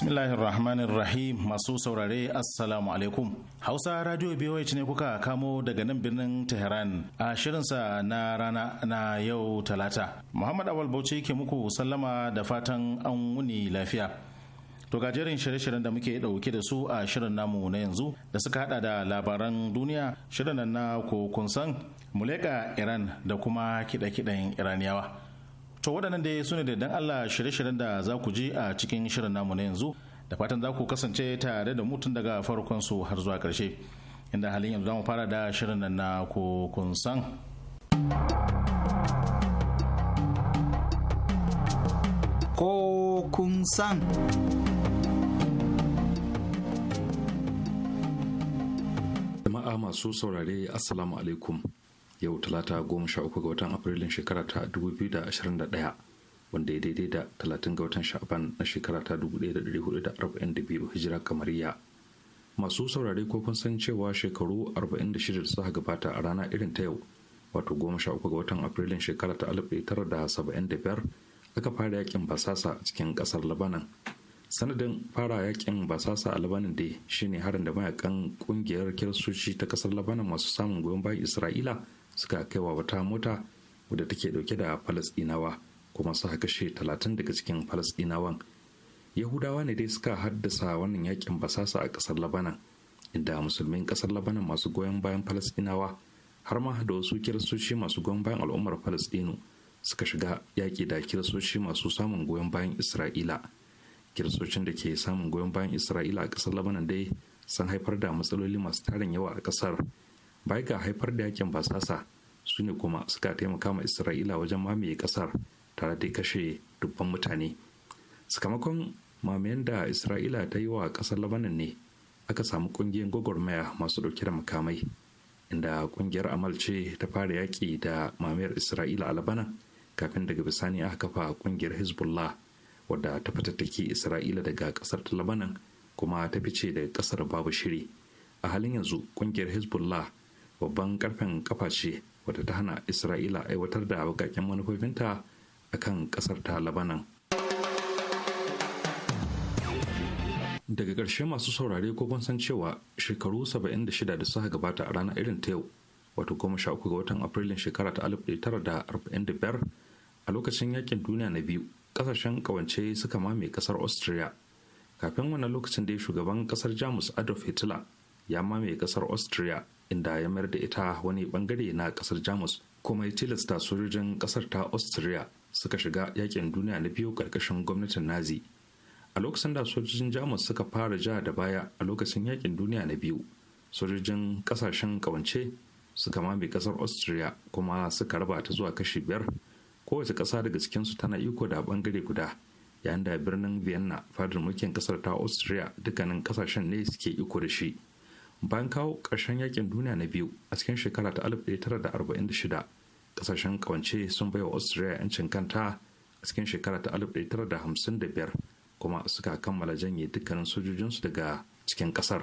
Bismillahirrahmanirrahim masu saurare Assalamu alaikum. Hausa Radio BOH ne kuka kamo daga nan birnin Tehran a shirinsa na rana na yau talata. Muhammad Awal Bauchi ke muku sallama da fatan an wuni lafiya. To gajeren shirye-shiryen da muke dauke da su a shirin namu na yanzu da suka hada da labaran duniya shirin na kun san muleka Iran da kuma kiɗe-kiɗen Iraniyawa. to waɗannan dai su ne da dan Allah shirye-shiryen da za ku ji a cikin shirin namu na yanzu da fatan za ku kasance tare da mutum daga farkon su har zuwa ƙarshe inda halin yanzu za mu fara da shirin nan na kun san kun san jama'a masu saurare assalamu alaikum yau talata goma sha uku ga watan afrilun shekara ta 2021 wanda ya daidai da talatin ga watan sha'aban na shekara ta biyu hijira kamariya masu saurare ko kun san cewa shekaru 46 da suka gabata a rana irin ta yau wato goma sha uku ga watan afrilun shekara ta 1975 aka fara yakin basasa cikin kasar labanan sanadin fara yakin basasa a labanin dai shine harin da mayakan kungiyar kiristoci ta kasar labanan masu samun goyon bayan isra'ila suka kai wa wata mota wadda take dauke da falasdinawa kuma suka kashe talatin daga cikin falasdinawan yahudawa ne dai suka haddasa wannan yakin basasa a ƙasar labanan inda musulmin ƙasar labanan masu goyon bayan falasdinawa har ma da wasu kiristoci masu goyon bayan al'ummar falasdinu suka shiga yaƙi da kiristoci masu samun goyon bayan isra'ila kiristocin da ke samun goyon bayan isra'ila a kasar labanan dai sun haifar da matsaloli masu tarin yawa a ƙasar. bai ga haifar da yakin basasa su ne kuma suka taimaka ma isra'ila wajen mamaye kasar tare da kashe dubban mutane sakamakon mamayen da isra'ila ta yi wa kasar labanan ne aka samu kungiyar gwagwarmaya masu dauke da makamai inda kungiyar amal ce ta fara yaƙi da mamayar isra'ila a labanan kafin daga bisani aka kafa kungiyar hezbollah wadda ta fatattaki isra'ila daga kasar ta labanan kuma ta fice daga kasar babu shiri a halin yanzu kungiyar hezbollah babban karfen kafa ce wadda ta hana isra'ila aiwatar da bakaken manufofinta a kan kasar ta labanan daga ƙarshe masu saurare ko kun san cewa shekaru 76 da suka gabata a ranar irin ta yau wato goma ga watan afrilun shekara ta 1945 a lokacin yakin duniya na biyu kasashen kawance suka mame kasar austria kafin wannan lokacin da shugaban kasar jamus adolf hitler ya mame kasar austria inda ya mayar da ita wani bangare na kasar jamus kuma ya tilasta sojojin kasar ta austria suka shiga yakin duniya na biyu karkashin gwamnatin nazi a lokacin da sojojin jamus suka fara ja da baya a lokacin yakin duniya na biyu sojojin kasashen kawance suka mame kasar austria kuma suka raba ta zuwa kashi biyar kowace kasa daga cikinsu tana iko da bangare guda yayin da birnin vienna fadar mulkin kasar ta austria dukkanin kasashen ne suke iko da shi bayan kawo ƙarshen yakin duniya na biyu a cikin shekara ta 1946 ƙasashen kawance sun bai wa austria 'yancin kanta a cikin shekara ta 1955 kuma suka kammala janye dukkanin sojojinsu daga cikin ƙasar.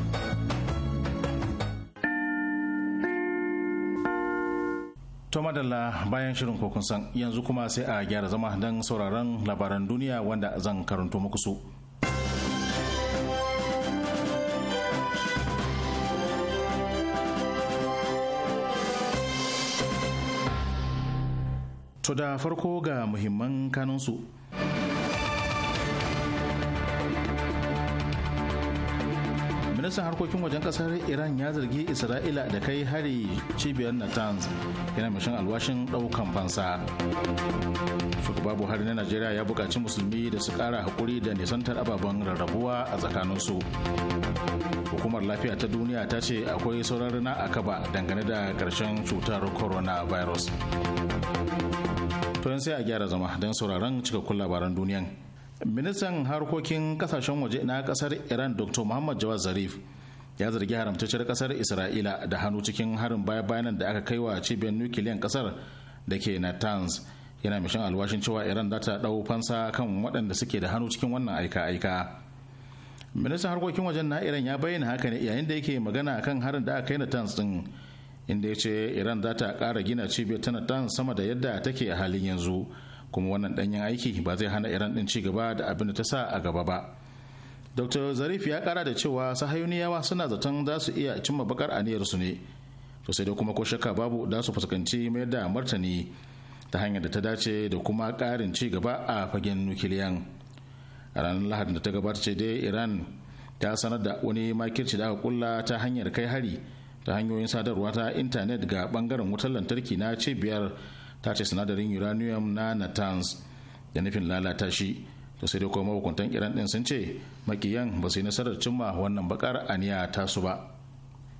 to madalla bayan shirin kokunsan, san yanzu kuma sai a gyara zama don sauraron labaran duniya wanda zan karanto muku su to da farko ga muhimman kanunsu ministan harkokin wajen kasar iran ya zargi isra'ila da kai hari cibiyar natanz yana mashin alwashin ɗaukan fansa shugaba buhari na najeriya ya buƙaci musulmi da su ƙara haƙuri da nisantar ababen rarrabuwa a tsakaninsu hukumar lafiya ta duniya ta ce akwai sauran na a kaba dangane da ƙarshen cutar coronavirus to sai a gyara zama don sauraron cikakkun labaran duniyan ministan harkokin kasashen waje na kasar iran dr muhammad jawad zarif ya zargi haramtacciyar kasar isra'ila da hannu cikin harin baya bayanan da aka kai wa cibiyar nukiliyan kasar da ke natanz yana mishin alwashin cewa iran za ta dau fansa kan waɗanda suke da hannu cikin wannan aika-aika ministan harkokin wajen na iran ya bayyana haka ne yayin da yake magana kan harin da aka kai natanz din inda ya ce iran za ta ƙara gina cibiyar ta natanz sama da yadda take a halin yanzu kuma wannan danyen aiki ba zai hana iran din ci gaba da abin da ta sa a gaba ba dr zarif ya kara da cewa sahayuniyawa suna zaton za su iya cimma bakar aniyarsu ne to sai dai kuma ko shakka babu za su fuskanci mayar da martani ta hanyar da ta dace da kuma karin ci gaba a fagen nukiliyan a ranar lahadin da ta gabata ce dai iran ta sanar da wani makirci da aka kulla ta hanyar kai hari ta hanyoyin sadarwa ta intanet ga bangaren wutar lantarki na cibiyar ta ce sinadarin uranium na natanz da nufin lalata shi to sai dai kuma mahukuntan iran din sun ce makiyan ba su yi nasarar cimma wannan bakar aniya su ba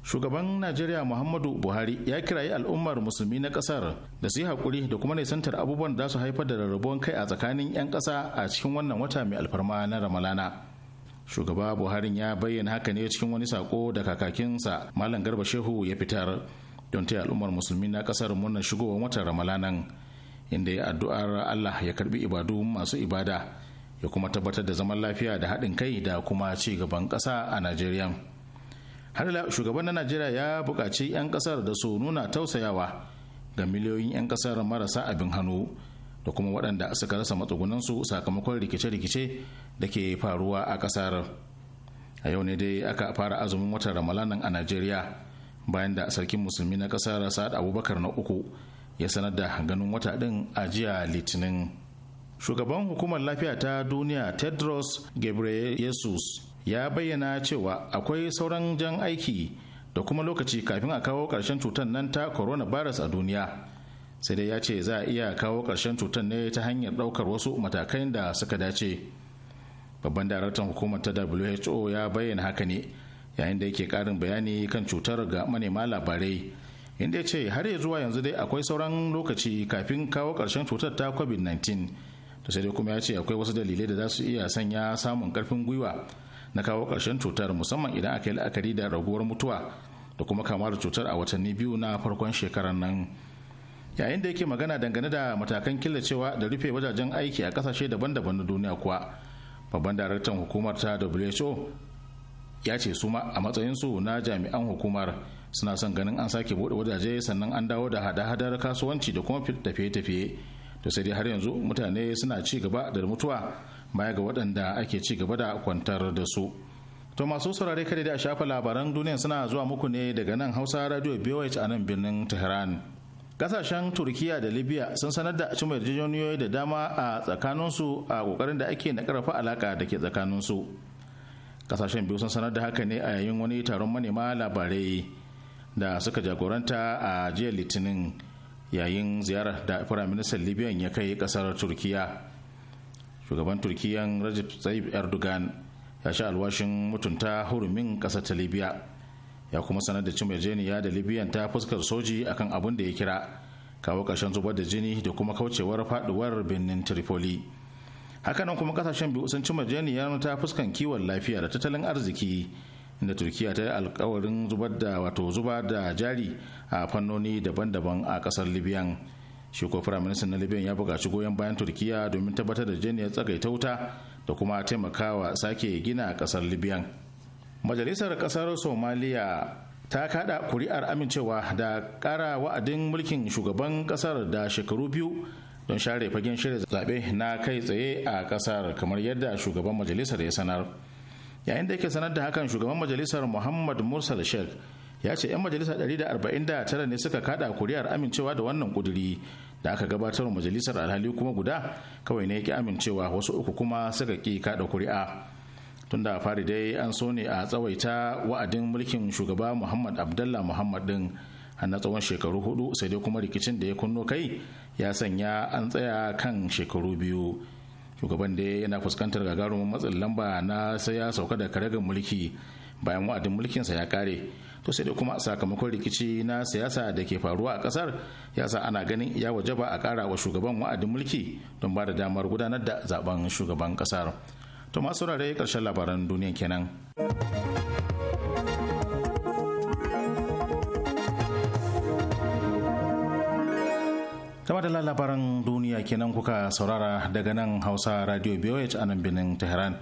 shugaban najeriya muhammadu buhari ya kirayi al'ummar musulmi na kasar da su yi hakuri da kuma nisantar abubuwan da su haifar da rarrabuwan kai a tsakanin 'yan ƙasa a cikin wannan wata mai alfarma na ramalana shugaba buhari ya bayyana haka ne cikin wani sako da kakakinsa malam garba shehu ya fitar don taya al'ummar musulmi na kasar murnar shigowar watan ramalanan inda ya addu'ar Allah ya karbi ibadu masu ibada ya kuma tabbatar da zaman lafiya da haɗin kai da kuma ci gaban ƙasa a Najeriya. Har shugaban na Najeriya ya buƙaci 'yan ƙasar da su nuna tausayawa ga miliyoyin 'yan ƙasar marasa abin hannu da kuma waɗanda suka rasa matsugunansu sakamakon rikice-rikice da ke faruwa a ƙasar. A yau ne dai aka fara azumin watan Ramalanan a Najeriya. bayan da sarkin musulmi na kasar sa'ad abubakar na uku ya sanar da ganin wata ɗin a jiya litinin shugaban hukumar lafiya ta duniya tedros ghebreyesus ya bayyana cewa akwai sauran jan aiki da kuma lokaci kafin a kawo ƙarshen cutar nan ta coronavirus a duniya sai dai ya ce za a iya kawo ƙarshen cutar ne ta hanyar ɗaukar wasu matakan da suka dace babban daraktan hukumar ta who ya bayyana haka ne yayin da yake karin bayani kan cutar ga manema labarai inda ya ce har ya zuwa yanzu dai akwai sauran lokaci kafin kawo ƙarshen cutar ta covid-19 da sai dai kuma ya ce akwai wasu dalilai da za su iya sanya samun karfin gwiwa na kawo ƙarshen cutar musamman idan aka yi la'akari da raguwar mutuwa da kuma kama da cutar a watanni biyu na farkon shekarar nan yayin da yake magana dangane da matakan killacewa da rufe wajajen aiki a kasashe daban-daban na duniya kuwa babban daraktan hukumar ta who ya ce su ma a su na jami'an hukumar suna son ganin an sake bude wajaje sannan an dawo da hada-hadar kasuwanci da kuma tafiye-tafiye to sai dai har yanzu mutane suna ci gaba da mutuwa baya ga waɗanda ake ci gaba da kwantar da su to masu saurare kare da shafa labaran duniya suna zuwa muku ne daga nan hausa radio bwh a nan birnin tehran kasashen turkiya da libya sun sanar da cimma yarjejeniyoyi da dama a tsakaninsu a kokarin da ake na karfa alaka da ke tsakaninsu kasashen biyu sun sanar da haka ne a yayin wani taron manema labarai da suka jagoranta a jiya litinin yayin ziyarar da firaministan libyan ya kai kasar turkiya shugaban turkiyan rajab tsayib erdogan ya sha alwashin mutunta hurumin kasar ta libya ya kuma sanar da cimajeniya da libyan ta fuskar soji akan abin da ya kira kawo ƙarshen zubar da jini da kuma kaucewar faduwar birnin tripoli hakanan kuma kasashen biyu sun ci majaniya ta fuskan kiwon lafiya da tattalin arziki inda turkiya ta yi alkawarin zubar da wato zuba da jari a fannoni daban-daban a kasar libyan shi ko firaministan na libyan ya buƙaci goyon bayan turkiya domin tabbatar da janiyar ta wuta da kuma taimakawa sake gina kasar libyan majalisar kasar somaliya ta kada kuri'ar amincewa da ƙara wa'adin mulkin shugaban kasar da shekaru biyu don share fagen shirya zaɓe na kai tsaye a ƙasar kamar yadda shugaban majalisar ya sanar yayin da yake sanar da hakan shugaban majalisar muhammad mursal sheikh ya ce 'yan majalisar 149 ne suka kada kuri'ar amincewa da wannan kuduri da aka gabatar majalisar alhali kuma guda kawai ne ki amincewa wasu uku kuma suka ki kada kuri'a tun da fari dai an so ne a tsawaita wa'adin mulkin shugaba muhammad abdallah muhammad din har na tsawon shekaru hudu sai dai kuma rikicin da ya kunno kai ya sanya an tsaya kan shekaru biyu shugaban da yana fuskantar gagarumin matsin lamba na sai ya sauka da karagar mulki bayan wa'adin mulkinsa ya kare to sai da kuma sakamakon rikici na siyasa da ke faruwa a kasar ya sa ana ganin ya wajaba a kara wa shugaban wa'adin mulki don ba da damar gudanar da zaben shugaban kasar to masu rarrai karshen labaran duniya kenan da madalla labaran duniya kenan kuka saurara daga nan hausa radio boh a nan binin tehran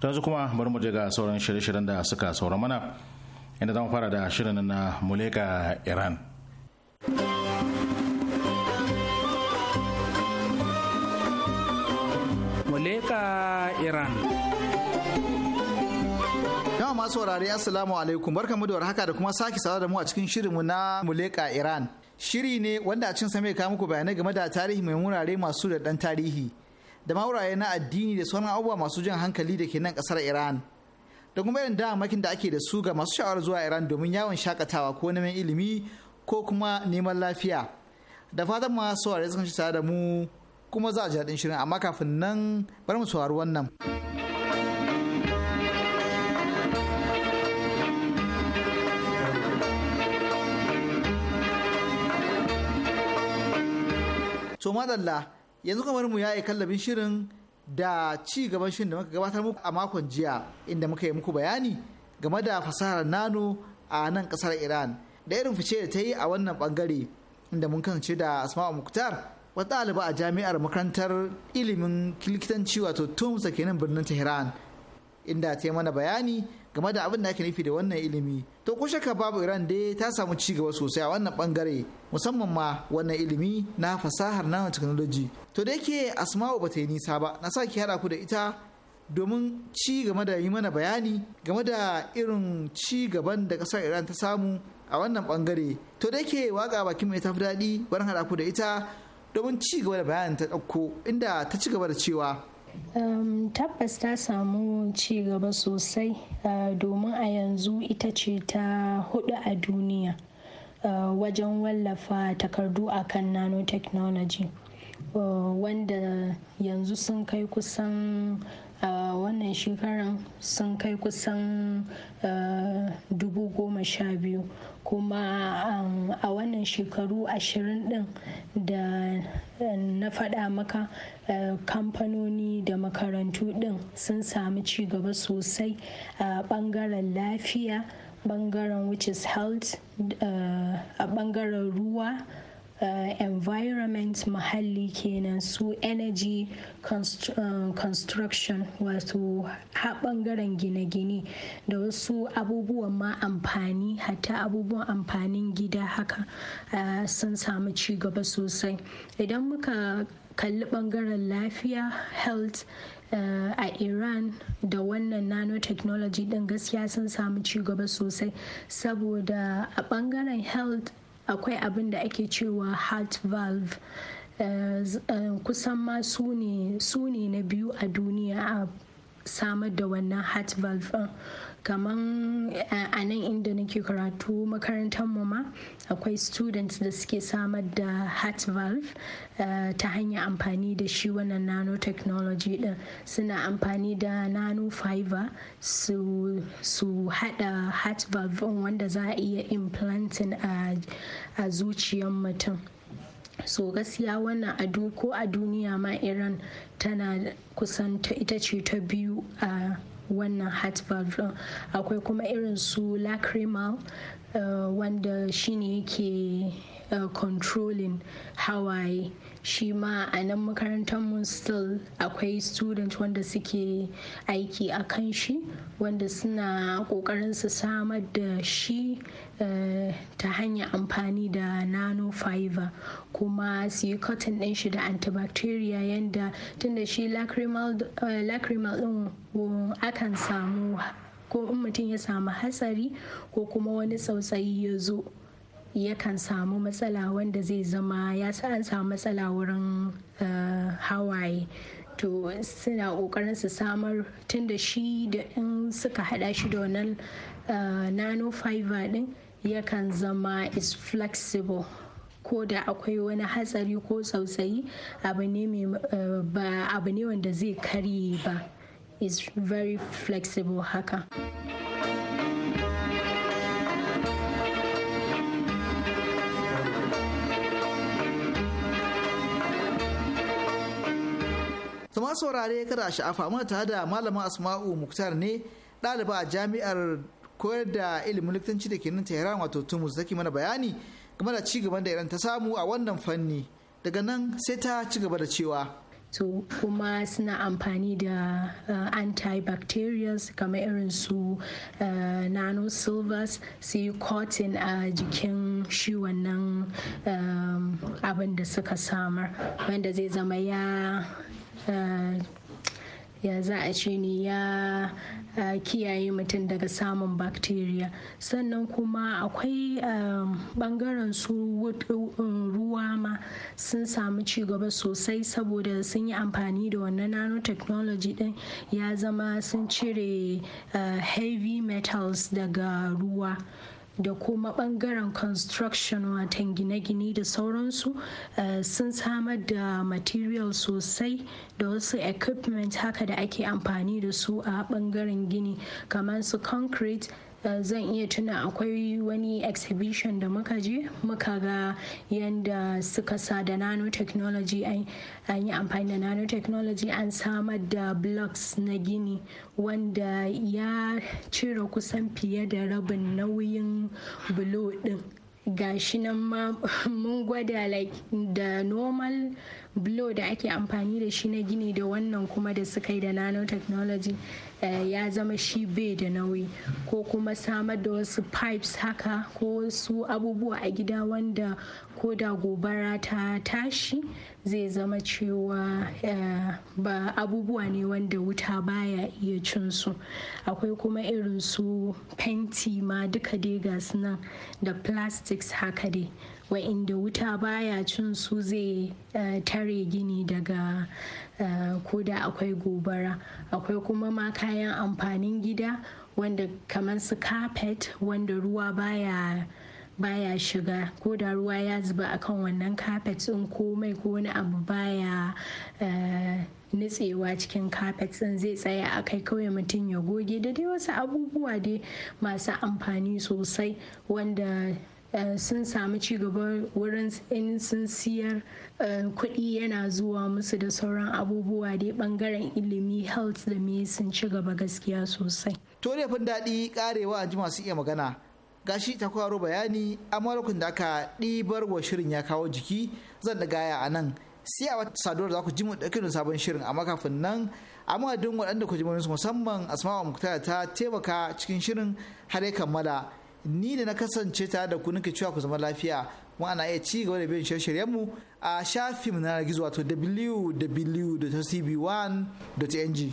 ta yanzu kuma bari mu je ga sauran shirye-shiryen da suka saura mana inda zamu fara da shirin na muleka iran muleka iran yawan masu wurare assalamu alaikum barkamu da haka da kuma sake sauran da mu a cikin shirinmu na muleka iran shiri ne wanda a cin sa mai kawo muku bayanai game da tarihi mai wurare masu da dan tarihi da mawuraye na addini da sauran abubuwa masu jan hankali da ke nan kasar Iran. Da kuma irin damakin da ake da su ga masu sha'awar zuwa Iran domin yawon shakatawa ko neman ilimi ko kuma neman lafiya. Da fatan masu saurare sun tare da mu kuma za a ji daɗin shirin amma kafin nan bar mu saurari wannan. to madalla yanzu kamar mu ya yi kallabin shirin da ci gaban shirin da muka gabatar muku a makon jiya inda muka yi muku bayani game da fasahar nano a nan kasar iran da irin fice da ta yi a wannan bangare inda mun kasance da asma'u muktar wata ɗaliba a jami'ar makarantar ilimin likitanci wato tumsa kenan birnin tehran inda ta yi mana bayani game da abin da ake nufi da wannan ilimi to ko shakka babu iran dai ta samu ci gaba sosai a wannan bangare musamman ma wannan ilimi na fasahar nano technology to da yake asma'u bata yi nisa ba na sa ki hada ku da ita domin ci game da yi mana bayani game da irin ci gaban da kasar iran ta samu a wannan bangare to da yake waka bakin mai tafi daɗi barin hada ku da ita domin ci gaba da bayanin ta ɗauko inda ta ci gaba da cewa Um, tabbas ta samu ci gaba sosai uh, domin a yanzu ita ce ta hudu a duniya uh, wajen wallafa takardu a kan nanotechnology uh, wanda yanzu sun kai kusan a wannan shekaran sun kai kusan dubu goma sha biyu kuma um, a wannan shekaru ashirin din da na faɗa maka kamfanoni da makarantu din sun samu ci gaba sosai a ɓangaren lafiya ɓangaren which is health a ɓangaren ruwa uh, environment muhalli kenan su energy uh, construction wato ha gine-gine da wasu abubuwan ma amfani hatta abubuwan amfanin gida haka uh, sun samu cigaba sosai idan muka kalli ɓangaren lafiya health uh, a iran da wannan nanotechnology ɗin gaskiya sun samu cigaba sosai saboda a ɓangaren health akwai abin da ake cewa heart valve eh, eh, kusan ma su ne na biyu a duniya a samar da wannan heart valve kaman a nan inda nake karatu makarantar mu ma akwai students da suke samar da heart valve eh, ta hanyar amfani da shi wannan nanotechnology din suna amfani da nano fiber su haɗa hada heart valve wanda za a iya implanting a zuciyar mutum so gaskiya wannan ado ko a duniya ma iran tana kusan ita ce ta biyu a wannan heart akwai kuma irin su lacrimal eh, wanda shine yake eh, controlling hawaye shi ma a nan makarantar mu still akwai student wanda suke aiki a kan shi wanda suna ƙoƙarin su samar da shi eh, ta hanyar amfani da nano fiber kuma su yi cotton din shi da antibacteria yanda tunda shi lacrimal din eh, akan samu ko in mutum ya samu hatsari ko kuma wani tsautsayi ya zo yakan samu matsala wanda zai zama ya sa an samu matsala wurin eh, hawaye to suna kokarin su samar tun da shi da in suka hada shi da wannan eh, nano fiber din yakan zama is flexible ko da akwai wani hatsari ko tsautsayi abu eh, abu ne wanda zai karye ba is very flexible haka. kama saurare kada a sha'afa mana tare da malama asma'u muktar ne ɗaliba a jami'ar koyar da ilimin likitanci da ke nan tehran wato tumus zaki mana bayani game da ci gaban da iran ta samu a wannan fanni daga nan sai ta ci gaba da cewa to kuma suna amfani da uh, antibacterials kamar irin su uh, nano silvers su yi cotton a jikin shi wannan um, abin da suka samar wanda zai zama ya ya za a ce ne ya kiyaye mutum daga samun bacteria sannan kuma akwai bangaren su ruwa ma sun samu cigaba sosai saboda sun yi amfani da wannan nanotechnology din ya zama sun cire heavy metals daga ruwa da kuma bangaren construction watan gine-gine da sauransu eh, sun samar da material sosai da wasu equipment haka da ake amfani da su a bangaren gini kamar su concrete Eh, zan iya tuna akwai wani exhibition da muka je muka ga yadda suka sa da nanotechnology an yi amfani da nanotechnology an samar da blocks na gini wanda ya cire kusan fiye da rabin nauyin bulo din gashi nan ma mun gwada like da normal blow da ake amfani da shi na gini da wannan kuma da suka yi da nanotechnology eh, ya zama shi bai da nauyi ko kuma samar da wasu pipes haka ko wasu abubuwa a gida wanda ko da gobara ta tashi zai zama cewa eh, ba abubuwa ne wanda wuta baya iya cin su akwai kuma irin su fenti ma duka dai gasu nan da plastics haka dai wa'inda wuta baya cin su zai eh, tare gini daga eh, ko da akwai gobara akwai kuma ma kayan amfanin gida wanda kamar su carpet wanda ruwa baya baya shiga ko da ruwa ya zuba akan wannan carpet din komai mai ko wani abu baya eh, nutsewa cikin carpet din zai tsaya a kai kawai mutum ya goge da dai wasu abubuwa dai masu amfani sosai wanda Eh, sun samu cigaba wurin in sun siyar eh, kuɗi yana zuwa musu da sauran abubuwa dai bangaren ilimi health da me sun ci gaba gaskiya sosai. To laifin daɗi karewa ji masu iya magana. Gashi ta kwaro bayani amma da aka ɗibar wa shirin ya kawo jiki zan da gaya a nan sai a wata saduwar za ku ji mu ɗauki sabon shirin amma kafin nan a madadin waɗanda ku ji musamman asma'a muktada ta taimaka cikin shirin har ya kammala ni da na kasance tare da ku nake cewa ku zama lafiya mu ana iya ci gaba da bin shirye mu a shafin na gizo wato www.cb1.ng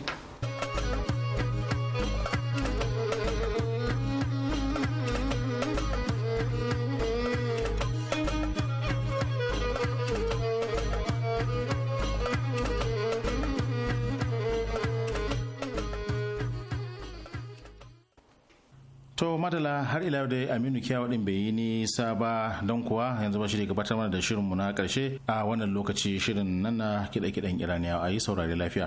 matala har ila da aminu kiyawa din bai yi nisa ba don kuwa yanzu ba shi da gabatar mana da shirinmu na karshe a wannan lokaci shirin nan na kiɗe-kiɗen iraniya a yi saurari lafiya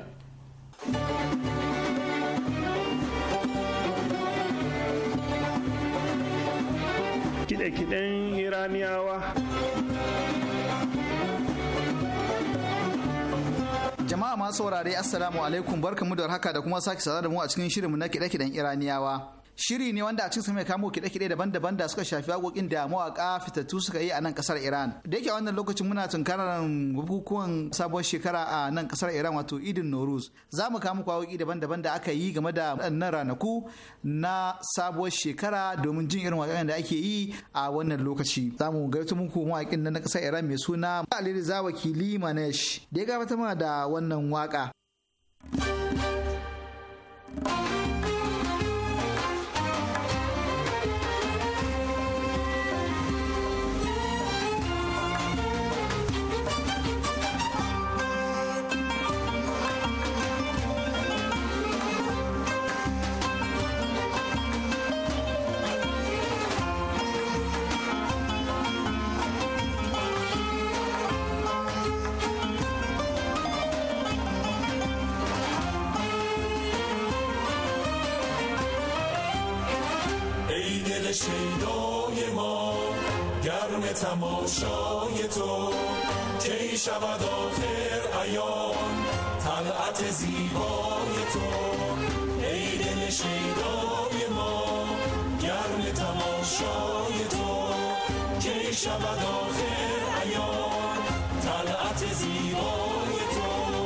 kiɗe-kiɗen iraniyawa jama'a masu saurari assalamu alaikum barkamu da haka da kuma sake sada da mu a cikin shirinmu na kiɗe-kiɗen iraniyawa shiri ne wanda a cikinsa mai kamo kide kide daban-daban da suka shafi waƙoƙin da mawaka fitattu suka yi a nan ƙasar Iran. Da yake a wannan lokacin muna tunkarar bukukuwan sabuwar shekara a nan kasar Iran wato Idin Noruz. Za mu kamo waƙoƙi daban-daban da aka yi game da waɗannan ranaku na sabuwar shekara domin jin irin waƙoƙin da ake yi a wannan lokaci. Za mu gaito muku mawaƙin na kasar Iran mai suna Ali za Wakili Manesh da ya gabatar mana da wannan waka. تماشای تو کی شود آخر ایام طلعت زیبای تو ای دل شیدای ما گرم تماشای تو کی شود آخر ایام طلعت زیبای تو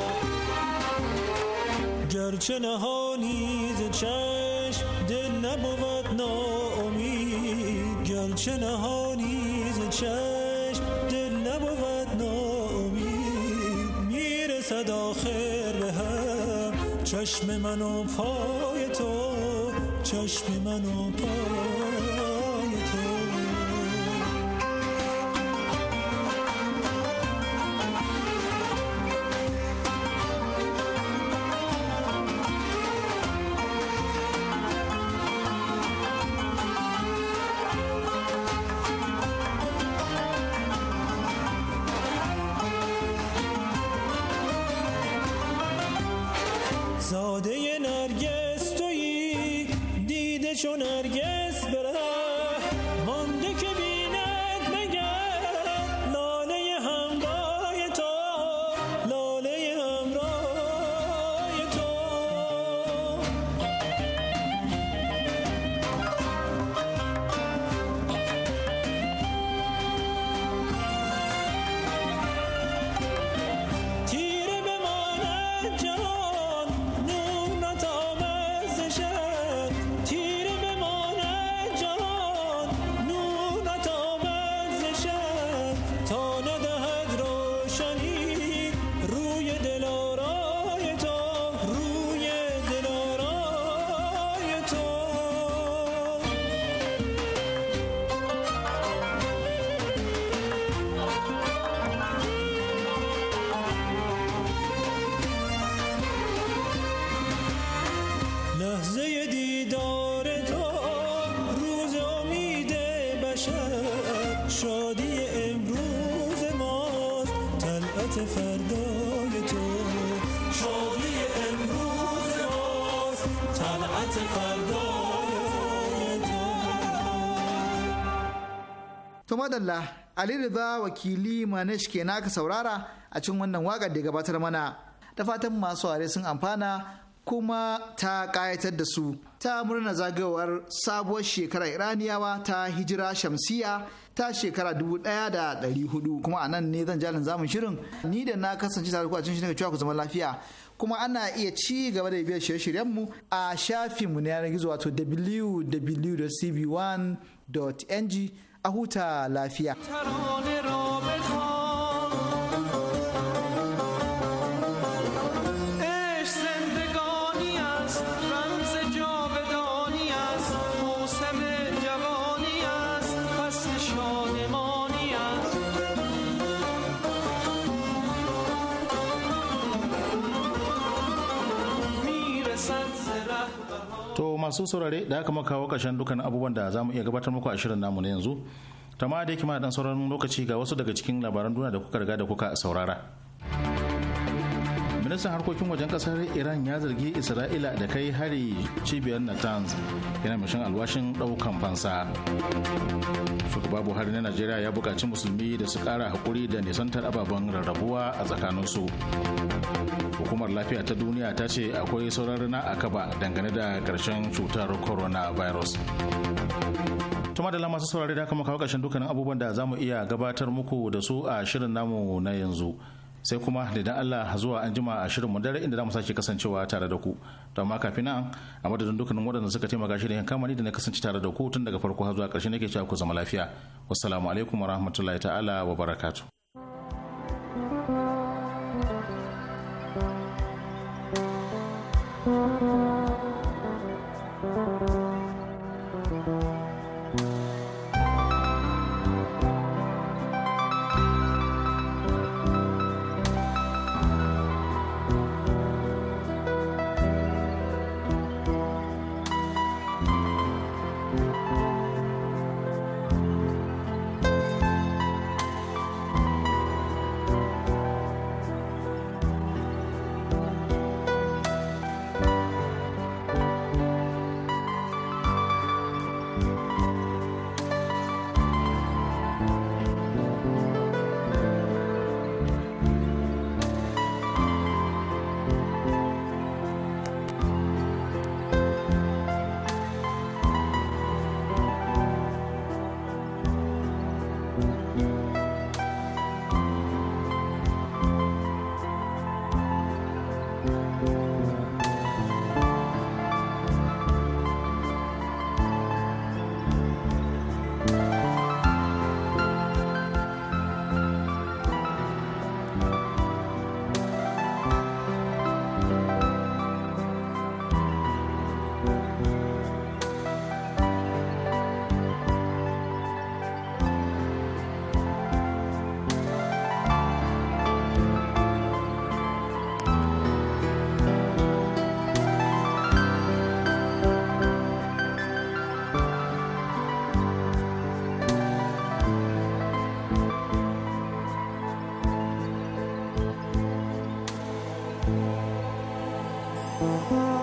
گرچه نهانی ز چشم دل نبود ناامید گرچه نهانی ز چشم رسد آخر به هم چشم من و پای تو چشم من و پای To madalla Ali Rida wakili Manish ke naka saurara a cikin wannan waƙar da gabatar mana. Da fatan masu ware sun amfana kuma ta ƙayatar da su. Ta murna zagayowar sabuwar shekara Iraniyawa ta hijira shamsiya ta shekara dubu da ɗari hudu. Kuma a nan ne zan jalin zamun shirin. Ni da na kasance tare ku a cikin shirin cewa ku zama lafiya. kuma ana iya ci gaba da biyar shirye-shiryenmu a shafin mu na yanar gizo wato www.cb1.ng a huta lafiya. to masu saurare da aka makawa kashen dukkan abubuwan da za mu iya gabatar muku a shirin namu na yanzu tama da yake ma dan sauran lokaci ga wasu daga cikin labaran duniya da kuka riga da kuka saurara ministan harkokin wajen kasar iran ya zargi isra'ila da kai hari cibiyar natanz yana mashin alwashin daukan fansa shugaba buhari na najeriya ya buƙaci musulmi da su ƙara haƙuri da nisantar ababen rarrabuwa a tsakaninsu hukumar lafiya ta duniya ta ce akwai sauran rana a kaba dangane da ƙarshen cutar coronavirus tuma da masu saurari da kama kawo ƙarshen dukkanin abubuwan da za mu iya gabatar muku da su a shirin namu na yanzu sai kuma da dan Allah zuwa an jima a shirin mu dare inda zamu sake kasancewa tare da ku to amma kafin nan a madadin dukkanin waɗanda suka taimaka shirin kamani da na kasance tare da ku tun daga farko har zuwa ƙarshe nake cewa ku zama lafiya wassalamu alaikum warahmatullahi ta'ala wa barakatuh Mm-hmm.